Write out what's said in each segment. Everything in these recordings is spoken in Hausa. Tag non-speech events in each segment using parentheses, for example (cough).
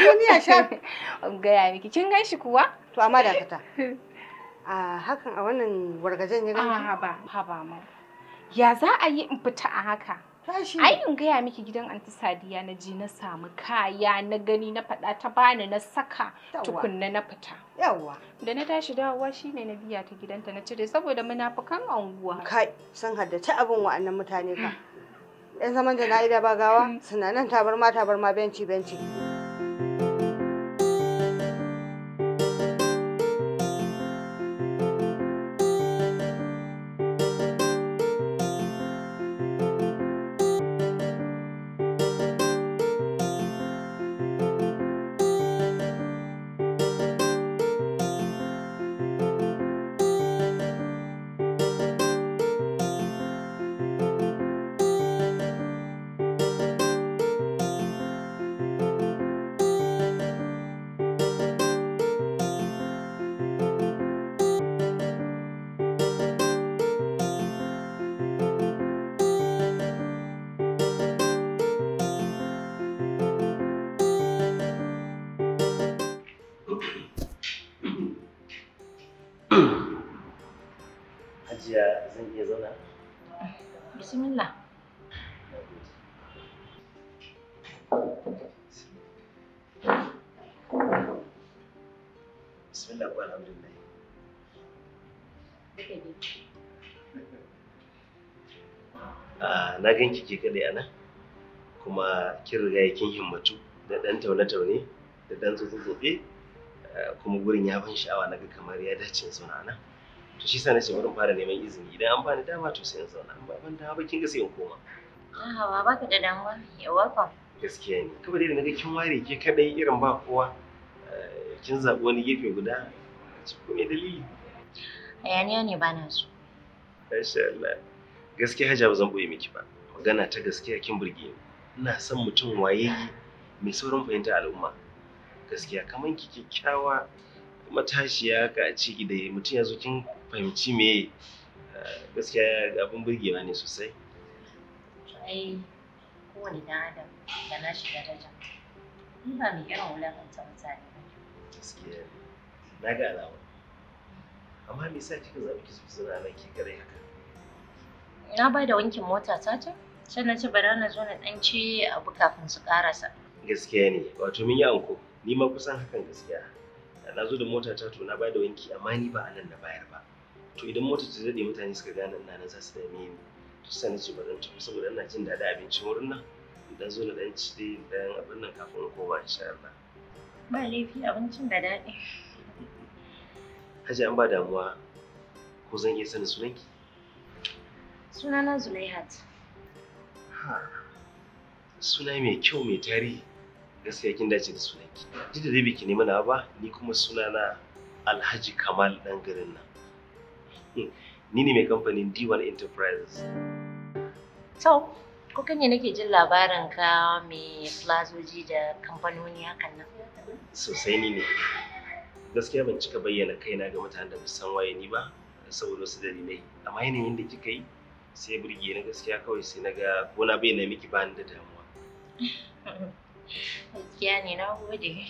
duniya (laughs) sha gaya miki kin gan kuwa to amma dakata a hakan a wannan wargajen ya gani haba ma ya za a yi in fita a haka ai in gaya miki gidan anti sadiya na ji na samu kaya na gani na faɗa ta bani na saka tukunna na fita yawa da na tashi dawowa shine na biya ta gidanta na cire saboda munafukan anguwa kai san haddace abin wa'annan mutane ka hmm. yan zaman da na ida bagawa hmm. suna nan tabarma tabarma benci benci ko alhamdulillah ah, na gan ki ke kadai ana kuma kin riga kin himmatu da dan taune-taune da dan tsotse-tsotse eh, kuma gurin ya ban sha'awa naga kamar ya dace zauna nan to shi na nace wurin fara neman izini idan an bani dama to sai in zauna an ba ban dama ba kin ga sai in koma a'a ah, ba ka da damuwa ya welcome gaskiya ne kuma dai da naga kin ware ke kadai irin ba kowa eh, kin zabi wani gefe guda Me dalili? Hayaniya ne ba na so. Masha Allah. Gaskiya Hajiya ba zan boye maki ba. Magana ta gaskiya kin burge ni. Ina son mutum wayayye mai saurin fahimta al'umma. Gaskiya kamar kyakkyawa matashiya ka ci da mutum ya kin fahimci me eh, gaskiya abin burgewa ne sosai. Ai kowane dan adam da na shiga daraja. ina mai irin wulakanta mutane ba. Gaskiya. na ga alama. amma me yasa kika zaɓi ki tafi nan ki haka na ba da wankin mota ta ce sai na ci bara na zo na dan ci abu kafin su karasa. gaskiya ne wato mun yi anko ni ma kusan hakan gaskiya na zo da mota ta to na ba da wanki amma ni ba anan na bayar ba to idan mota ta zade mutane suka gane ina nan za su dame ni to sai na ci bara zan tafi saboda ina jin daɗin abincin wurin nan idan zo na dan ci dai dan abin nan kafin in koma insha Allah ba laifi abincin da daɗi Hajiya an ba damuwa ko zan iya sanin sunanki? Sunana Zulaihat. suna mai kyau mai tarihi gaskiya kin dace da sunanki. Duk da dai biki ne mana ba, ni kuma sunana Alhaji Kamal dan garin nan. Hmm, ni ne mai kamfanin D1 Enterprises. To, ko kan ne nake jin labarin ka mai plazoji da kamfanoni hakan nan? Sosai ni ne. gaskiya ban cika bayyana kaina ga mutanen da san waye ni ba saboda wasu dalilai amma yanayin da kika yi sai burge na gaskiya kawai sai na ga ko na bayyana miki ba da damuwa gaskiya ne na gode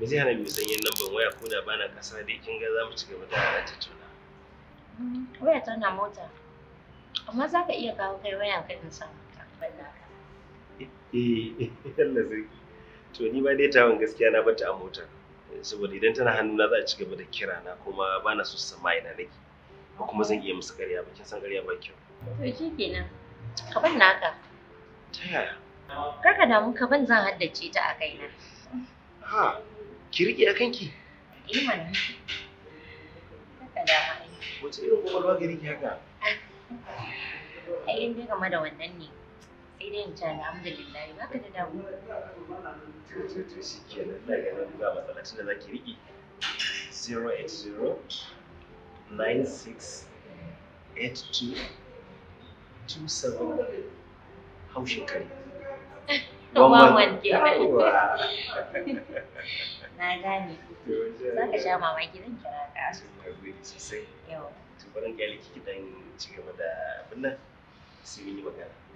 me zai hana mu sanyin lambar waya ko da bana kasa dai kin ga za mu ci gaba da tattauna mm, waya tana mota amma za ka iya kawo kai wayan ka in san ka eh (laughs) Allah zai to ni ba dai tawon gaskiya na bata a mota saboda idan tana hannuna za a ci gaba da kira na kuma ba na so su sama ina nake ba kuma zan iya musu ƙarya ba kin san ƙarya ba kyau to shi kenan ka ban naka ta yaya kar ka damu ka ban zan haddace ta a kaina ha ki rike a kanki eh mana ka wace irin kwakwalwa gari ki haka ai in dai game da wannan ne shirin ta eh, alhamdulillah ba ka da damu (laughs) haushin (laughs) Wawan (laughs) Na gane. Za ka sha mamaki don kira ka. Na gode sosai. Yau. kiki kyaliki ci gaba da abin nan sai mun yi magana.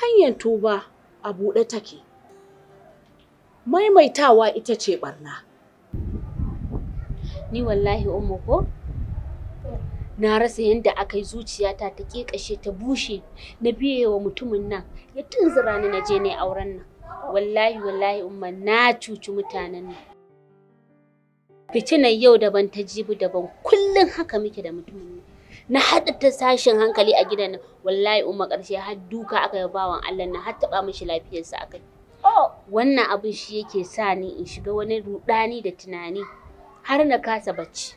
hanyar tuba a buɗe take maimaitawa ita ce ɓarna. ni wallahi umma ko na rasa yadda aka yi zuciyata ta ƙeƙashe ta bushe na biye wa mutumin nan ya tunzura ni na je ne auren nan wallahi wallahi umma na cuci mutanen nan fitinan yau daban ta jibi daban kullum haka muke da mutumin nan na haɗa ta sashen hankali a gidan nan wallahi umma ƙarshe har duka aka yi bawan Allah na har taɓa mishi lafiyarsa akai oh. wannan abin shi yake sa ni in shiga wani rudani da tunani har na kasa bacci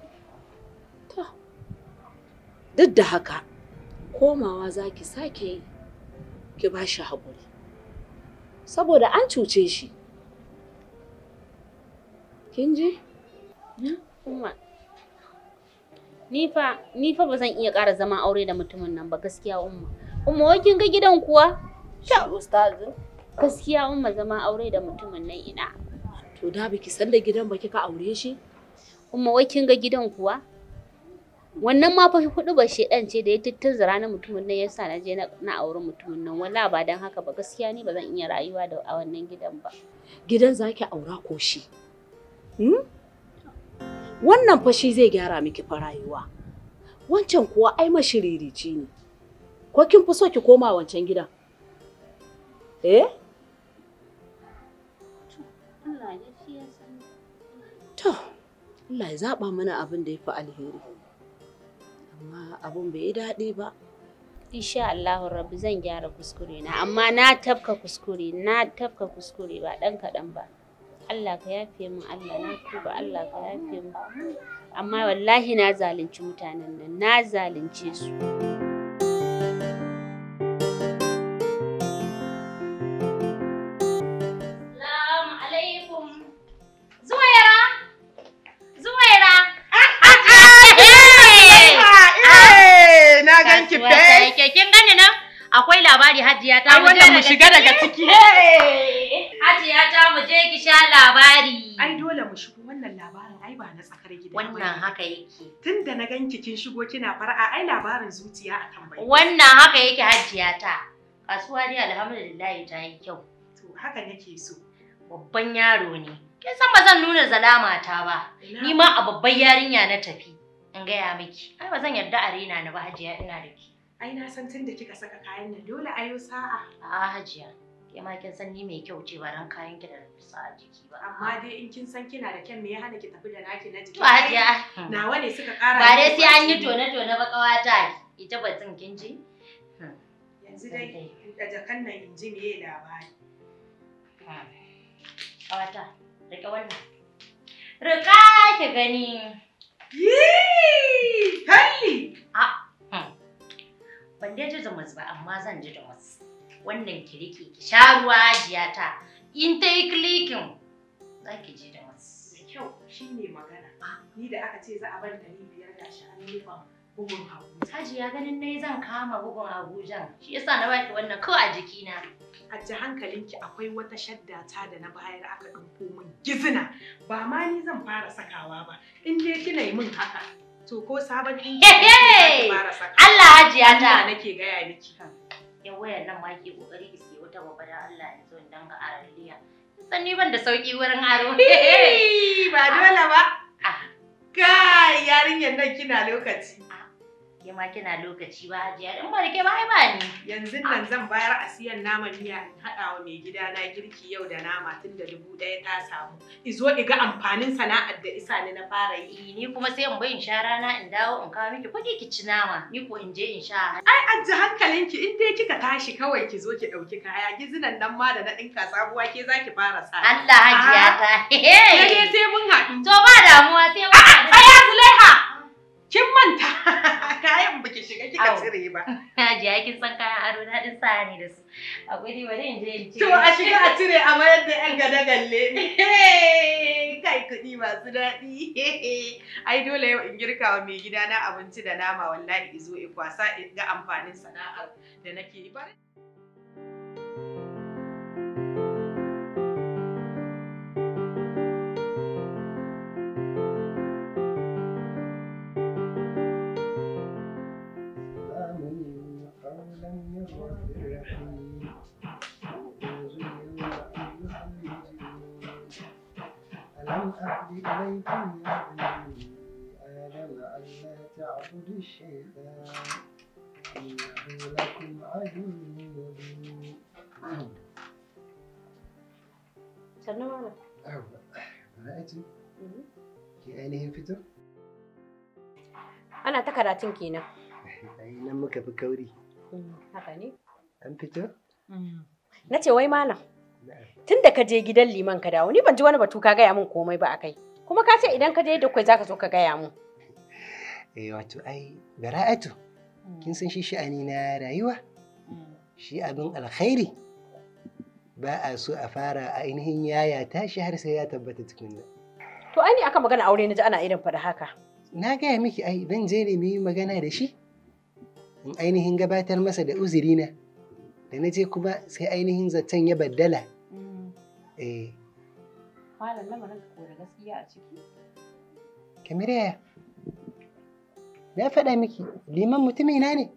duk da haka komawa za ki sake yi ki ba shi haƙuri saboda an cuce shi kin ji? Hmm? Umma. Ni fa ni fa ba zan iya ƙara zama aure da mutumin nan ba gaskiya umma. Umma wai kin ga gidan kuwa? Ta ustazu. Gaskiya umma zama aure da mutumin nan ina. To da biki san da gidan ba kika aure shi? Umma wai kin ga gidan kuwa? Wannan ma fa kuɗi ba shedan ce da ya tuttunzura na mutumin nan yasa na je na auri mutumin nan wallahi ba dan haka ba gaskiya ni ba zan iya rayuwa da a wannan gidan ba. Gidan zaki aura ko shi? Hmm? wannan fa zai gyara miki fa wancan kuwa ai mashiririci ne ko kin fi so ki koma wancan gidan eh to Allah ya zaba mana abin da ya fi alheri amma abin bai yi daɗi ba insha Allahu rabbi zan gyara kuskure na amma na tafka kuskure na tafka kuskure ba ɗan kaɗan ba Allah ka yafe min Allah na tuba Allah ka yafe min amma wallahi na zalunci mutanen nan na zalunce su je ki sha labari. Ai dole mu shigo wannan labarin ai ba na tsakar gida. Wannan haka yake. Tun da na ganki kin shigo kina fara'a ai labarin zuciya a tambayi. Wannan haka yake hajjiya ta. Kasuwa ne, alhamdulillah ta yi kyau. To haka nake so. Babban yaro ne. Kin san ba zan nuna zalama ta ba. Ni ma a babban yarinya na tafi. In gaya miki. Ai ba zan yarda a rena ni ba hajiya ina da ki. Ai na san tun da kika saka kayan nan dole ayo sa'a. A hajiya. ke ma kin san ni mai kyau ce ba dan kayan ki da rubusa a jiki ba amma dai in kin san kina da kyan me ya hana ki tafi da naki na jiki to hajiya nawa ne suka kara ba dai sai an yi tone tone ba kawata ita tsin kin ji hmm. yanzu dai da jakan nan in ji me labari kawata hmm. rike wannan rika ki gani Yee! Halli! Ah, hmm. ban dai ji da ba amma zan ji da wasu. wannan ki rike ki sha ruwa ajiya ta in ta yi klikin za ki je da wasu. Da kyau shi ne magana. Ah. Ni da aka ce za a bar dari biyar da shi an nufa bugun Abuja. Hajiya ganin nai zan kama bugun Abuja shi yasa na baki wannan ko a jikina. ji hankalinki akwai wata shadda ta da na bayar aka ɗauko min gizina ba ma ni zan fara sakawa ba in dai kina yi min haka to ko sabon ɗin ki fara sakawa. Allah hajiya ta. nake gaya miki. ya wayar nan ma ke kokari ki siyo wata gobe da Allah ya zo dan ga araliya san ni ban da sauki wurin aro ba dole ba ah. kai yarinyar nan kina lokaci ah. Ke ma kina lokaci ba hajiya in ba da ke ba ni. Yanzu nan zan bayar a siyan naman miya in haɗa wa mai gida na girki yau da nama tun da dubu ɗaya ta samu. Izo iga amfanin sana'ar da isa ni na fara yi. Eh, ni kuma sai in bai in sha rana in dawo in kawo miki kuɗi ki ci nama ni ko in je in sha. Ai ajji hankalinki in dai kika tashi kawai ki zo ki ɗauki kaya gizinan nan ma da na ɗinka sabuwa ke za fara sa. Allah hajiya ta. (laughs) Sai mun haɗu. To ba damuwa sai mun haɗu. Tsaya Zulaiha! Kin manta. (laughs) ba ki shiga kika cire ba. (laughs) ji ya kin san kayan aro na ɗin sa ne da su. Akwai ni bari in je in To a shiga a cire a mayar da ƴan gada galle. Kai kuɗi masu daɗi. (laughs) Ai dole yau in girka wa mai gidana abinci da nama wallahi izo ikwasa ga amfanin sana'ar da nake yi. ألم أهد يا بني آدم ألا الشيطان إنه لكم عدو مبين Ana ta karatun kenan. Ai, muka fi kauri. Mm, haka mm. Na ce wai malam. Tun da ka je gidan liman ka dawo, ni ban ji wani batu ka gaya min komai ba a kai. Kuma ka ce idan ka je da kai zaka zo ka gaya mu (laughs) Eh wato ai bara'atu. Mm. Kin san shi sha'ani na rayuwa? Shi abin alkhairi. Ba a so a fara ainihin yaya tashi har sai ya tabbata tukunna. To ai ni aka magana aure na ji ana irin faɗa haka. Na gaya miki ai zan je ne mu magana da shi. in ainihin gabatar masa da uzirina da na je kuma sai ainihin zaton ya baddala mm. eh lamarin na faɗa miki liman mutumina ne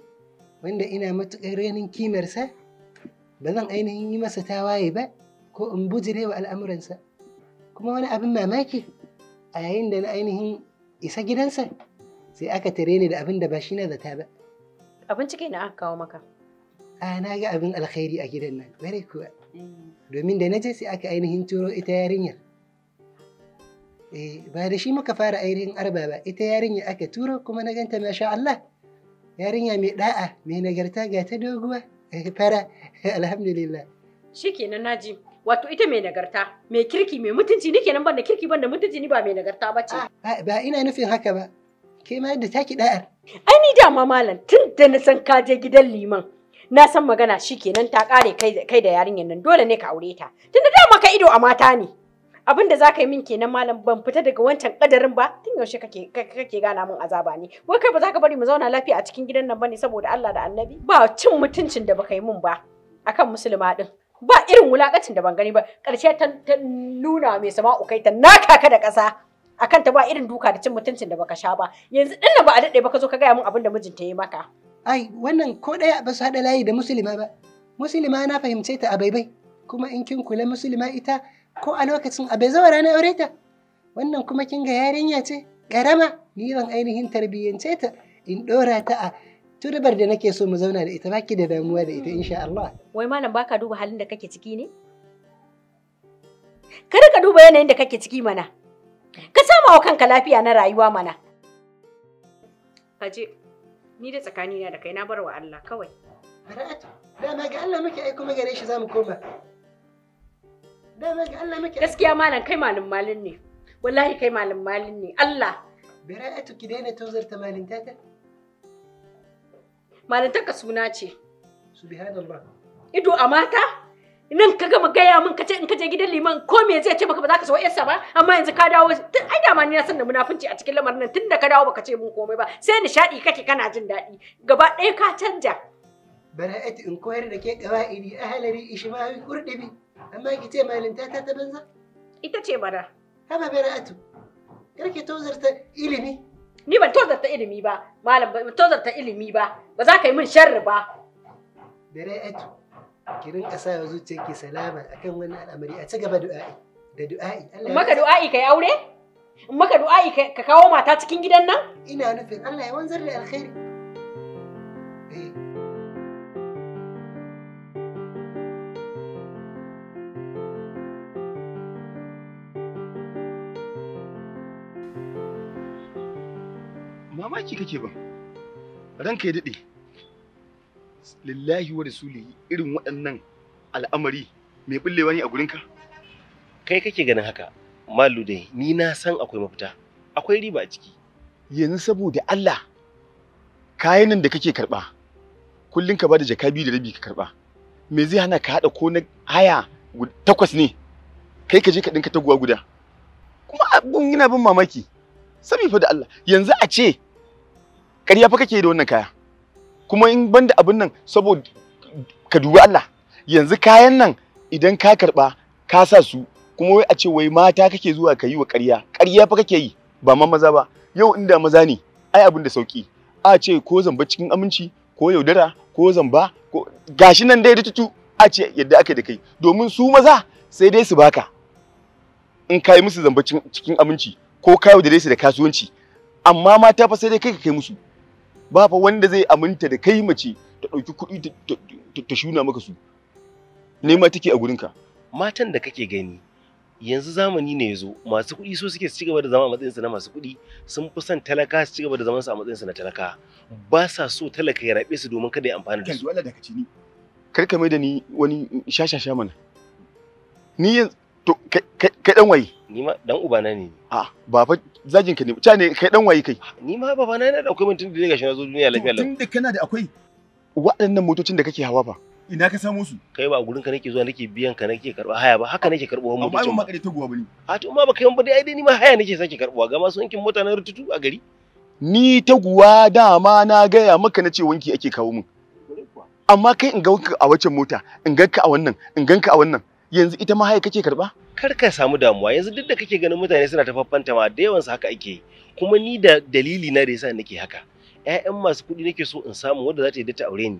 wanda ina matuƙar ganin kimarsa ba zan ainihin yi masa tawaye ba ko in bujire wa al'amuransa kuma wani abin mamaki a yayin da na ainihin isa gidansa sai aka tare ni da abin da ba shi na zata ba. Abinci na aka kawo maka. A na ga abin alkhairi a gidan nan, bare kuwa. Eh. Domin da na je sai aka ainihin turo ita yarinyar. Eh, ba da shi muka fara ainihin arba ba, ita yarinya aka turo kuma na ganta masha Allah. Yarinya mai da'a, mai nagarta ga ta doguwa, fara, (laughs) alhamdulillah. Shi kenan naji. wato ita mai nagarta mai kirki mai mutunci nake nan ban da kirki ban da mutunci ni ba mai nagarta ba ce ba ina nufin haka ba ke ma yadda taki da'ar Ai ni dama malam tun da na san ka je gidan liman. Na san magana shikenan ta kare kai da yarinyar nan dole ne ka aure ta. Tun da dama ka ido a mata ne. Abin da za ka yi min kenan malam ban fita daga wancan kadarin ba tun yaushe kake kake gana min azaba ne. Wai kai ba za ka bari mu zauna lafiya a cikin gidan nan bane saboda Allah da Annabi? Ba cin mutuncin da baka yi min ba akan musulma din. Ba irin wulakacin da ban gani ba. Karshe ta nuna mai sama'u kai ta naka ka da ƙasa. akan ta ba irin duka da cin mutuncin da baka sha ba yanzu dinna ba a daɗe ba ka zo ka gaya min abin da mijinta ya maka ai wannan ko ɗaya ba su haɗa layi da musulma ba musulma na fahimce ta a baibai kuma in kin kula musulma ita ko a lokacin a bai na aure ta wannan kuma kin ga yarinya ce karama ni ban ainihin tarbiyyance ta in ɗora ta a turbar da nake so mu zauna da ita baki da damuwa da ita insha Allah wai malam baka duba halin da kake ciki ne kada ka duba yanayin da kake ciki mana Ka sama wa kanka lafiya na rayuwa mana. Kaje, ni da tsakani na da kai na bar wa Allah kawai. da ma ga Allah muke aiko magare shi za mu koma. ma ga Allah muke Gaskiya malam kai malin malin ne. Wallahi kai malin malin ne. Allah. Bara'atu ki daina tozarta malintata. Malintaka suna ce. Subhanallah. Ido a mata? nan ka gama gaya min ce in kaje gidan liman ko me zai ce maka ba za ka so yarsa ba amma yanzu ka dawo ai da ma ni na san da munafunci a cikin lamarin nan tunda ka dawo baka ce mun komai ba sai nishadi kake kana jin daɗi gaba ɗaya ka canja bara'atu in koyar da ke qawaidi ahlari ishmawi qurdibi amma ki ce malinta ta ta banza ita ce bara haba bara'atu karki tozarta ilimi ni ban tozarta ilimi ba malam ban tozarta ilimi ba ba za ka yi min sharri ba bara'atu ki rinka sa wa zuciyar ki salama akan wannan al'amari a ci gaba du'a'i da du'a'i Allah maka du'a'i kai aure maka du'a'i ka kawo mata cikin gidan nan ina nufin Allah ya wanzar da alkhairi eh. Mamaki kake ba, ranka ya daɗe, lillahi wa rasulihi irin waɗannan al'amari mai bullewa ne a gurinka kai kake ganin haka malu dai ni na san akwai mafita akwai riba a ciki yanzu saboda Allah kayan nan da kake karba kullun ka bada jaka biyu da rabi ka karba me zai hana ka hada ko na haya takwas ne kai ka je ka dinka taguwa guda kuma abun yana bin mamaki sami fa da Allah yanzu a ce ƙarya fa kake da wannan kaya kuma in banda abin nan saboda ka dubi Allah yanzu kayan nan idan ka karba ka sa su kuma wai a ce wai mata kake zuwa ka yi wa ƙarya ƙarya fa kake yi ba ma maza ba yau inda maza ne ai abin da sauki a ce ko zamba cikin aminci ko yaudara ko zamba ko gashi nan dai da tutu a ce yadda aka da kai domin su maza sai dai su baka in kai musu zamba cikin aminci ko ka yaudare su da kasuwanci amma mata fa sai dai kai ka kai musu ba fa wanda zai aminta da kai mace ta ɗauki kuɗi ta shuna maka su nema take a gurinka matan da kake gani yanzu zamani ne ya zo masu kuɗi so suke ci gaba da zama a matsayin su na masu kuɗi sun fi son talaka su ci gaba da su a matsayin su na talaka ba sa so talaka ya rabe su domin kada ya amfana da su. Kar ka mai da ni wani shashasha mana. Ni To kai dan waye? Ni ma dan na ne. A ba fa zagin ka ne. Ca ne kai dan waye kai? Ni ma babana na da akwai mutum da gashi na zo duniya lafiya lafiya. Tunda kana da akwai waɗannan motocin da kake hawa ba. Ina ka samu su? Kai ba gurin ka nake zuwa nake biyan ka nake karba haya ba haka nake karbo motocin. Amma ba makare ta guwa bane. A to ma ba kai ba dai ai dai ni ma haya nake sake karbuwa ga masu yankin mota na rututu a gari. Ni ta guwa dama na gaya maka na ce wanki ake kawo min. Amma kai in ga a wacce mota, in ka a wannan, in ka a wannan. yanzu ita ma haya kake karba kar ka samu damuwa yanzu duk da kake ganin mutane suna ta faffanta ma da yawan su haka ake yi kuma ni da dalili na da yasa nake haka ƴaƴan masu kuɗi nake so in samu wanda za ta yi ta aure ni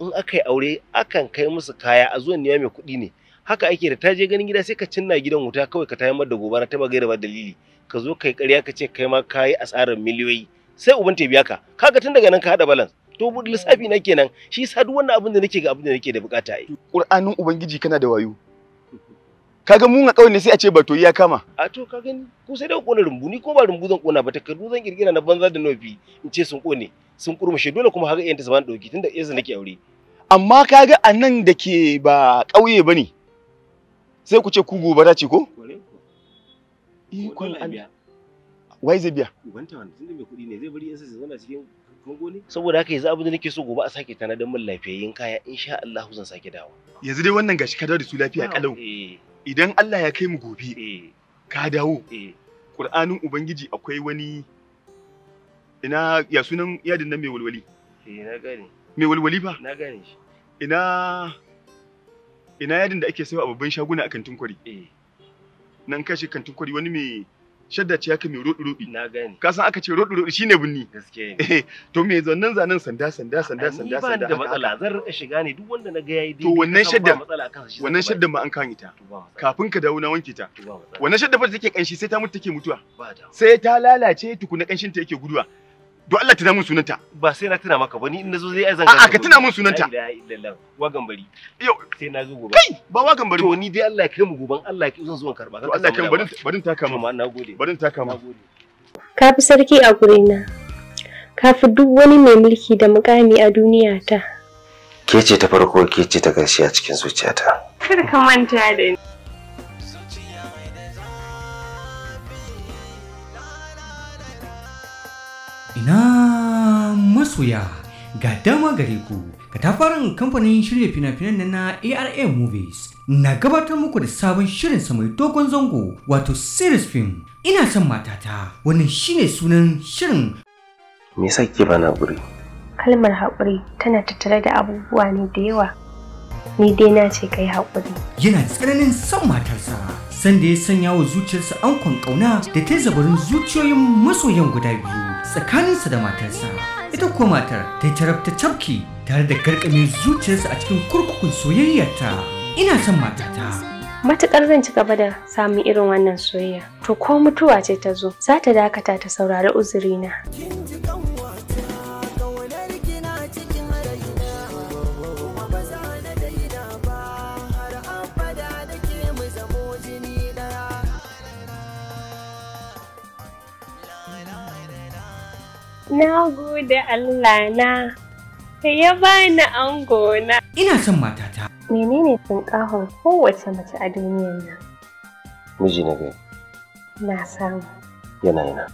in aka yi aure akan kai musu kaya a zuwan niyya mai kuɗi ne haka ake da ta je ganin gida sai ka cinna gidan wuta kawai ka tayar da gobara ta bagare ba dalili ka zo kai ƙarya ka ce kai ma a asarar miliyoyi sai uban ta biya ka kaga tun daga nan ka hada balance to lissafi na kenan shi sa duk wannan abin da nake ga abin da nake da bukata ai qur'anin ubangiji kana da wayo kaga mun a kawai ne sai a ce ba to ya kama a to ka gani ko sai dai kona rumbu ni ko ba rumbu zan kona ba ta takardu zan kirkira na banza da nofi in ce sun kone sun kurmushe dole kuma haka iyanta zaman ban dauki tunda iyansa nake aure amma kaga anan nan da ke ba kauye bane sai ku ce ku gobe ta ce ko ikon eh, Allah wai zai biya ubanta wannan tunda mai kuɗi ne zai bari iyansa su zauna cikin ne saboda haka yanzu abin da nake so gobe a sake tana tanadar mun lafiyayyen kaya insha Allah zan sake dawo yanzu dai wannan gashi ka dawo da su lafiya kalau eh idan Allah ya kai mu gobe eh. ka dawo eh. Qur'anin Ubangiji akwai wani ina ya sunan yadin nan mai walwali eh, na gane mai walwali ba na gane shi ina ina yadin da ake sayo a babban shaguna a kantin kwari nan kashi kantin kwari wani mai shadda ce haka mai roɗi roɗi na gani. ka san aka ce roɗi roɗi shine binni Gaske ne eh, to me zannan zanen sanda sanda sanda sanda sanda da matsala zan rika shiga ne duk wanda na ga yayi to wannan shadda wannan shadda ma an kan ita kafin ka dawo na wanke ta wannan shadda fa take kanshi sai ta mutu take mutuwa sai ta lalace tukuna kanshin ta yake guduwa don Allah tuna mun sunanta ba sai na tuna maka ba ni in nazo zai ai zan a'a ka tuna mun sunanta la ilaha wagan yau sai na zo gobe kai ba wagan bari to ni dai Allah ya kai mu goban Allah ya kai zan zo karba to Allah ya kai barin barin taka ma na gode barin taka ma ka fi sarki a na ka fi duk wani mai mulki da mukami a duniya ta ke ce ta farko ke ce ta gashi a cikin zuciyata kada ka manta da ni ina masoya ga dama gare ku katafaren kamfanin shirya fina-finan na ARA Movies na gabatar muku da sabon shirin sa mai dogon zango wato series film ina son matata wani shine sunan shirin me yasa ba bana guri kalmar haƙuri tana tattare da abubuwa ne da yawa ni dai na ce kai haƙuri yana tsananin son matarsa sanda ya sanya wa zuciyarsa ankon kauna da ta zabarin zuciyoyin masoyan guda biyu tsakaninsa da matarsa ita kuwa matar ta tarabta cafki tare da garkame zuciyarsa a cikin kurkukun soyayyarta ina son matata matukar zan ci gaba da samun irin wannan soyayya to ko mutuwa ce ta zo za ta dakata ta saurari uzurina. Na gode Allah na, ka ya bani ango na. Ina son matata. Menene ƙahon kowace mace a duniyar nan? Miji na gani. Na samu. Yana yana.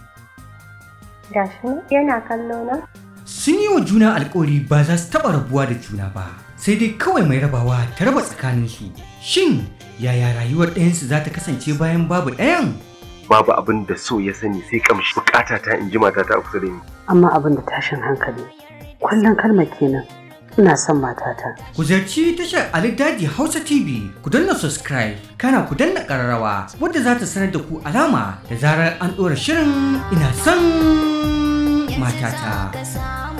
Gashi yana kallo na? Sun yi wa juna alkawari ba za su taɓa rabuwa da juna ba, sai dai kawai mai rabawa ta raba tsakanin tsakaninsu. Shin yaya rayuwar ɗayansu za ta kasance bayan babu ɗayan? babu abin da so ya sani sai kamshi bukata ta in matata a kusa da ni amma abin da tashin hankali kullun kalmar kenan ina son matata ku ziyarci tashar Ali Daji Hausa TV ku danna subscribe kana ku danna kararrawa wadda za ta sanar da ku alama da zarar an dora shirin ina son matata